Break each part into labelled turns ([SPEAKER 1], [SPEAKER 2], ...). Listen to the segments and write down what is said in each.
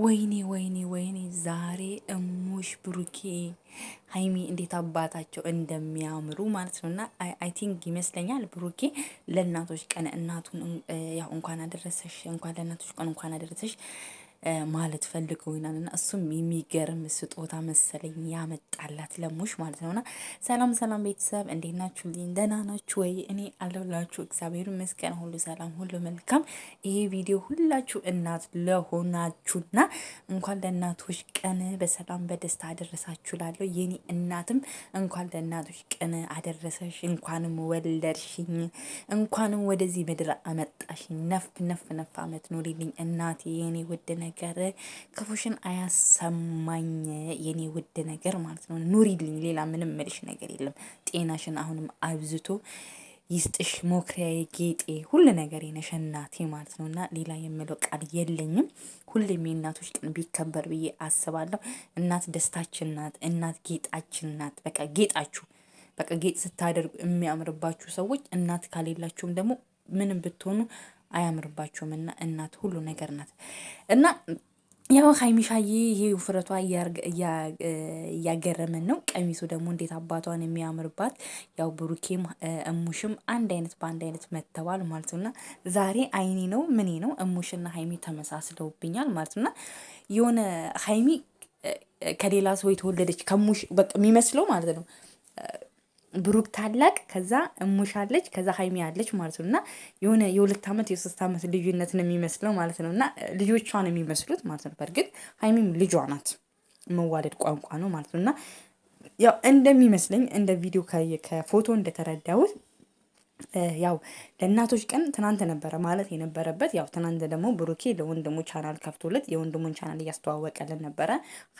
[SPEAKER 1] ወይኔ ወይኔ ወይኔ ዛሬ እሙሽ ብሩኬ ሀይሚ እንዴት አባታቸው እንደሚያምሩ ማለት ነው። እና አይ ቲንክ ይመስለኛል ብሩኬ ለእናቶች ቀን እናቱን ያው እንኳን አደረሰሽ እንኳን ለእናቶች ቀን እንኳን አደረሰሽ ማለት ፈልገው ይናል እና እሱም የሚገርም ስጦታ መሰለኝ ያመጣላት ለሙሽ ማለት ነውና፣ ሰላም ሰላም ቤተሰብ እንዴት ናችሁ? ልኝ ደህና ናችሁ ወይ? እኔ አለሁላችሁ እግዚአብሔር ይመስገን፣ ሁሉ ሰላም፣ ሁሉ መልካም። ይሄ ቪዲዮ ሁላችሁ እናት ለሆናችሁና እንኳን ለእናቶች ቀን በሰላም በደስታ አደረሳችሁ ላለሁ የኔ እናትም እንኳን ለእናቶች ቀን አደረሰሽ፣ እንኳንም ወለድሽኝ፣ እንኳንም ወደዚህ ምድር አመጣሽኝ። ነፍ ነፍ ነፍ አመት ኖሪልኝ እናቴ የኔ ውድነ ነገር ክፉሽን አያሰማኝ የኔ ውድ ነገር ማለት ነው። ኑሪልኝ፣ ሌላ ምንም ምልሽ ነገር የለም። ጤናሽን አሁንም አብዝቶ ይስጥሽ ሞክሪያ ጌጤ፣ ሁሉ ነገር ነሽ እናቴ ማለት ነው። እና ሌላ የምለው ቃል የለኝም። ሁሌም የእናቶች ቀን ቢከበር ብዬ አስባለሁ። እናት ደስታችን ናት። እናት ጌጣችን ናት። በቃ ጌጣችሁ በቃ ጌጥ ስታደርጉ የሚያምርባችሁ ሰዎች እናት ካሌላችሁም ደግሞ ምንም ብትሆኑ አያምርባቸውም። እና እናት ሁሉ ነገር ናት እና ያው ሀይሚሻዬ ይሄ ውፍረቷ እያገረመን ነው። ቀሚሱ ደግሞ እንዴት አባቷን የሚያምርባት ያው ብሩኬም እሙሽም አንድ አይነት በአንድ አይነት መተባል ማለት ነውእና ዛሬ አይኔ ነው ምኔ ነው እሙሽና ሀይሚ ተመሳስለውብኛል ማለት ነውና የሆነ ሀይሚ ከሌላ ሰው የተወለደች ከሙሽ በቃ የሚመስለው ማለት ነው ብሩክ ታላቅ ከዛ እሙሽ አለች ከዛ ሀይሚ አለች ማለት ነው። እና የሆነ የሁለት ዓመት የሶስት ዓመት ልዩነት ነው የሚመስለው ማለት ነው። እና ልጆቿ ነው የሚመስሉት ማለት ነው። በእርግጥ ሀይሚም ልጇ ናት፣ መዋደድ ቋንቋ ነው ማለት ነው። እና ያው እንደሚመስለኝ እንደ ቪዲዮ ከፎቶ እንደተረዳሁት ያው ለእናቶች ቀን ትናንት ነበረ ማለት የነበረበት። ያው ትናንት ደግሞ ብሩኬ ለወንድሙ ቻናል ከፍቶለት የወንድሙን ቻናል እያስተዋወቀልን ነበረ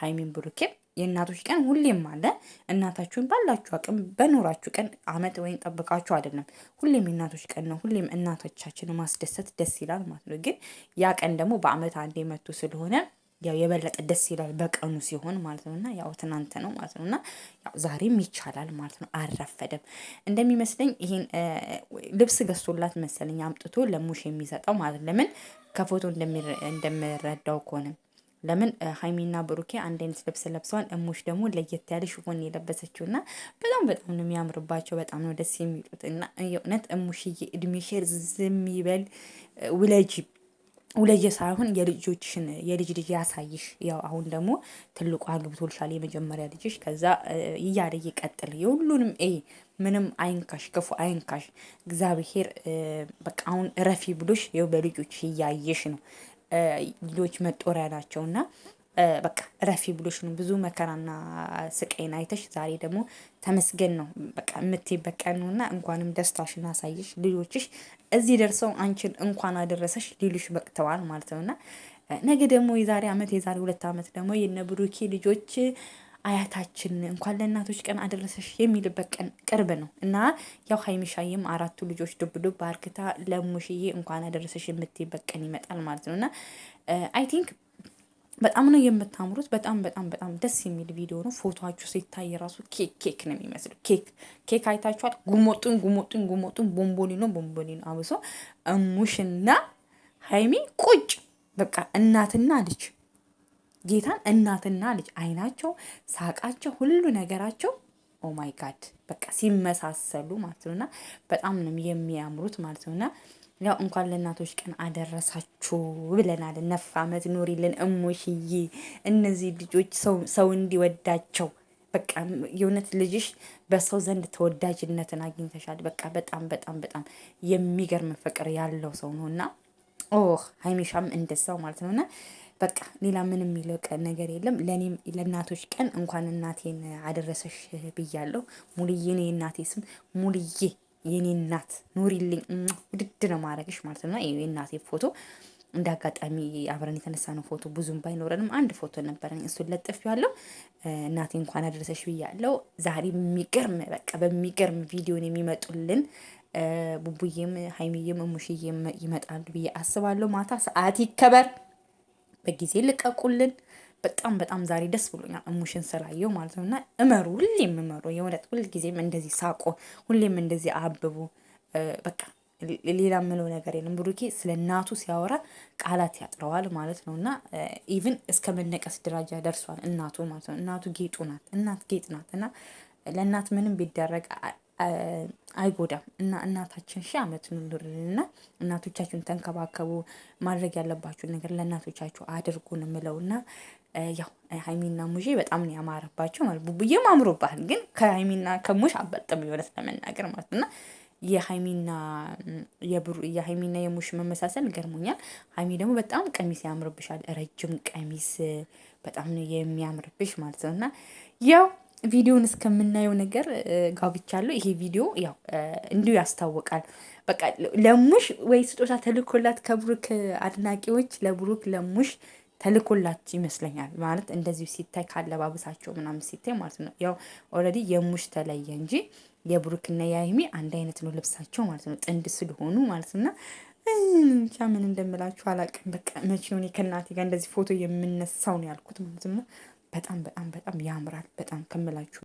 [SPEAKER 1] ሀይሚን ብሩኬ። የእናቶች ቀን ሁሌም አለ። እናታችሁን ባላችሁ አቅም በኖራችሁ ቀን አመት ወይም ጠብቃችሁ አይደለም፣ ሁሌም የእናቶች ቀን ነው። ሁሌም እናቶቻችን ማስደሰት ደስ ይላል ማለት ነው። ግን ያ ቀን ደግሞ በአመት አንዴ መቶ ስለሆነ ያው የበለጠ ደስ ይላል በቀኑ ሲሆን ማለት ነው። እና ያው ትናንት ነው ማለት ነው። እና ያው ዛሬም ይቻላል ማለት ነው። አረፈደም እንደሚመስለኝ። ይሄን ልብስ ገዝቶላት መሰለኝ አምጥቶ ለሙሽ የሚሰጠው ማለት ለምን ከፎቶ እንደምረዳው ከሆነ ለምን ሀይሚና ብሩኬ አንድ አይነት ልብስ ለብሰዋል። እሙሽ ደግሞ ለየት ያለ ሽፎን የለበሰችው እና በጣም በጣም ነው የሚያምርባቸው። በጣም ነው ደስ የሚሉት እና የእውነት እሙሽዬ እድሜሽር ዝም ይበል ውለጅ ውለየ ሳይሆን የልጆችን የልጅ ልጅ ያሳይሽ። ያው አሁን ደግሞ ትልቁ አግብቶልሻል የመጀመሪያ ልጅሽ። ከዛ እያለ ይቀጥል። የሁሉንም ኤ ምንም አይንካሽ፣ ክፉ አይንካሽ። እግዚአብሔር በቃ አሁን ረፊ ብሎሽ ይኸው በልጆች እያየሽ ነው። ልጆች መጦሪያ ናቸው እና በቃ ረፊ ብሎሽ ነው ብዙ መከራና ስቃይን አይተሽ ዛሬ ደግሞ ተመስገን ነው በቃ የምትይበት ቀን ነው እና እንኳንም ደስታሽን አሳየሽ። ልጆችሽ እዚህ ደርሰው አንቺን እንኳን አደረሰሽ ሊሉሽ በቅተዋል ማለት ነው እና ነገ ደግሞ የዛሬ አመት የዛሬ ሁለት ዓመት ደግሞ የነ ብሩኬ ልጆች አያታችን እንኳን ለእናቶች ቀን አደረሰሽ የሚልበት ቀን ቅርብ ነው እና ያው ሀይሚሻዬም አራቱ ልጆች ዱብ ዱብ አርግታ ለሙሽዬ እንኳን አደረሰሽ የምትይበት ቀን ይመጣል ማለት ነው እና አይ ቲንክ በጣም ነው የምታምሩት። በጣም በጣም በጣም ደስ የሚል ቪዲዮ ነው። ፎቶችሁ ሲታይ ራሱ ኬክ ኬክ ነው የሚመስለው። ኬክ ኬክ አይታችኋል። ጉሞጡን ጉሞጡን ጉሞጡን ቦምቦሊኖ ቦምቦሊኖ አብሶ እሙሽና ሀይሚ ቁጭ በቃ እናትና ልጅ ጌታን እናትና ልጅ አይናቸው፣ ሳቃቸው፣ ሁሉ ነገራቸው ኦማይ ጋድ በቃ ሲመሳሰሉ ማለት ነውና በጣም ነው የሚያምሩት ማለት ነውና ያው እንኳን ለእናቶች ቀን አደረሳችሁ ብለናል። ነፍ ዓመት ኖሪልን እሞሽዬ። እነዚህ ልጆች ሰው እንዲወዳቸው በቃ የእውነት ልጅሽ በሰው ዘንድ ተወዳጅነትን አግኝተሻል። በቃ በጣም በጣም በጣም የሚገርም ፍቅር ያለው ሰው ነው እና ኦህ ሀይሚሻም እንደሰው ማለት ነውና በቃ ሌላ ምንም የሚለው ቀን ነገር የለም። ለእኔም ለእናቶች ቀን እንኳን እናቴን አደረሰሽ ብያለሁ። ሙልዬ ነው የእናቴ ስም። ሙልዬ የኔ እናት ኑሪልኝ፣ ውድድ ነው ማድረግሽ ማለት ነው። የእናቴ ፎቶ እንደ አጋጣሚ አብረን የተነሳ ነው ፎቶ ብዙም ባይኖረንም አንድ ፎቶ ነበረን፣ እሱን ለጥፌዋለሁ። እናቴ እንኳን አደረሰሽ ብያለሁ። ዛሬ የሚገርም በቃ በሚገርም ቪዲዮን የሚመጡልን ቡቡዬም ሀይሚዬም እሙሽዬም ይመጣሉ ብዬ አስባለሁ። ማታ ሰዓት ይከበር። በጊዜ ልቀቁልን። በጣም በጣም ዛሬ ደስ ብሎኛል። እሙሽን ስላየው ማለት ነው እና እመሩ፣ ሁሌም እመሩ። የእውነት ሁልጊዜም እንደዚህ ሳቆ፣ ሁሌም እንደዚህ አብቡ። በቃ ሌላ ምለው ነገር የለም። ብሩኬ ስለ እናቱ ሲያወራ ቃላት ያጥረዋል ማለት ነው እና ኢቭን እስከ መነቀስ ደረጃ ደርሷል እናቱ ማለት ነው። እናቱ ጌጡ ናት። እናት ጌጥ ናት እና ለእናት ምንም ቢደረግ አይጎዳም እና እናታችን ሺህ ዓመት ኑርልና እናቶቻችሁን ተንከባከቡ። ማድረግ ያለባችሁን ነገር ለእናቶቻችሁ አድርጉን ምለውና ያው ሀይሚና ሙሼ በጣም ነው ያማረባቸው ማለት ቡቡዬም አምሮባል፣ ግን ከሀይሚና ከሙሽ አበልጥም የሆነት ለመናገር ማለት ና የሀይሚና የሙሽ መመሳሰል ገርሞኛል። ሀይሚ ደግሞ በጣም ቀሚስ ያምርብሻል፣ ረጅም ቀሚስ በጣም ነው የሚያምርብሽ ማለት ነው እና ያው ቪዲዮን እስከምናየው ነገር ጋብቻለሁ። ይሄ ቪዲዮ ያው እንዲሁ ያስታውቃል። በቃ ለሙሽ ወይ ስጦታ ተልኮላት ከብሩክ አድናቂዎች ለብሩክ ለሙሽ ተልኮላት ይመስለኛል። ማለት እንደዚሁ ሲታይ ካለባበሳቸው ምናምን ሲታይ ማለት ነው። ያው ኦልሬዲ የሙሽ ተለየ እንጂ የብሩክና የሀይሚ አንድ አይነት ነው ልብሳቸው ማለት ነው። ጥንድ ስለሆኑ ማለት ና ብቻ ምን እንደምላችሁ አላቅም። በቃ መቼ ሆኔ ከእናቴ ጋር እንደዚህ ፎቶ የምነሳው ነው ያልኩት ማለት ነው። በጣም በጣም በጣም ያምራል። በጣም ከምላችሁ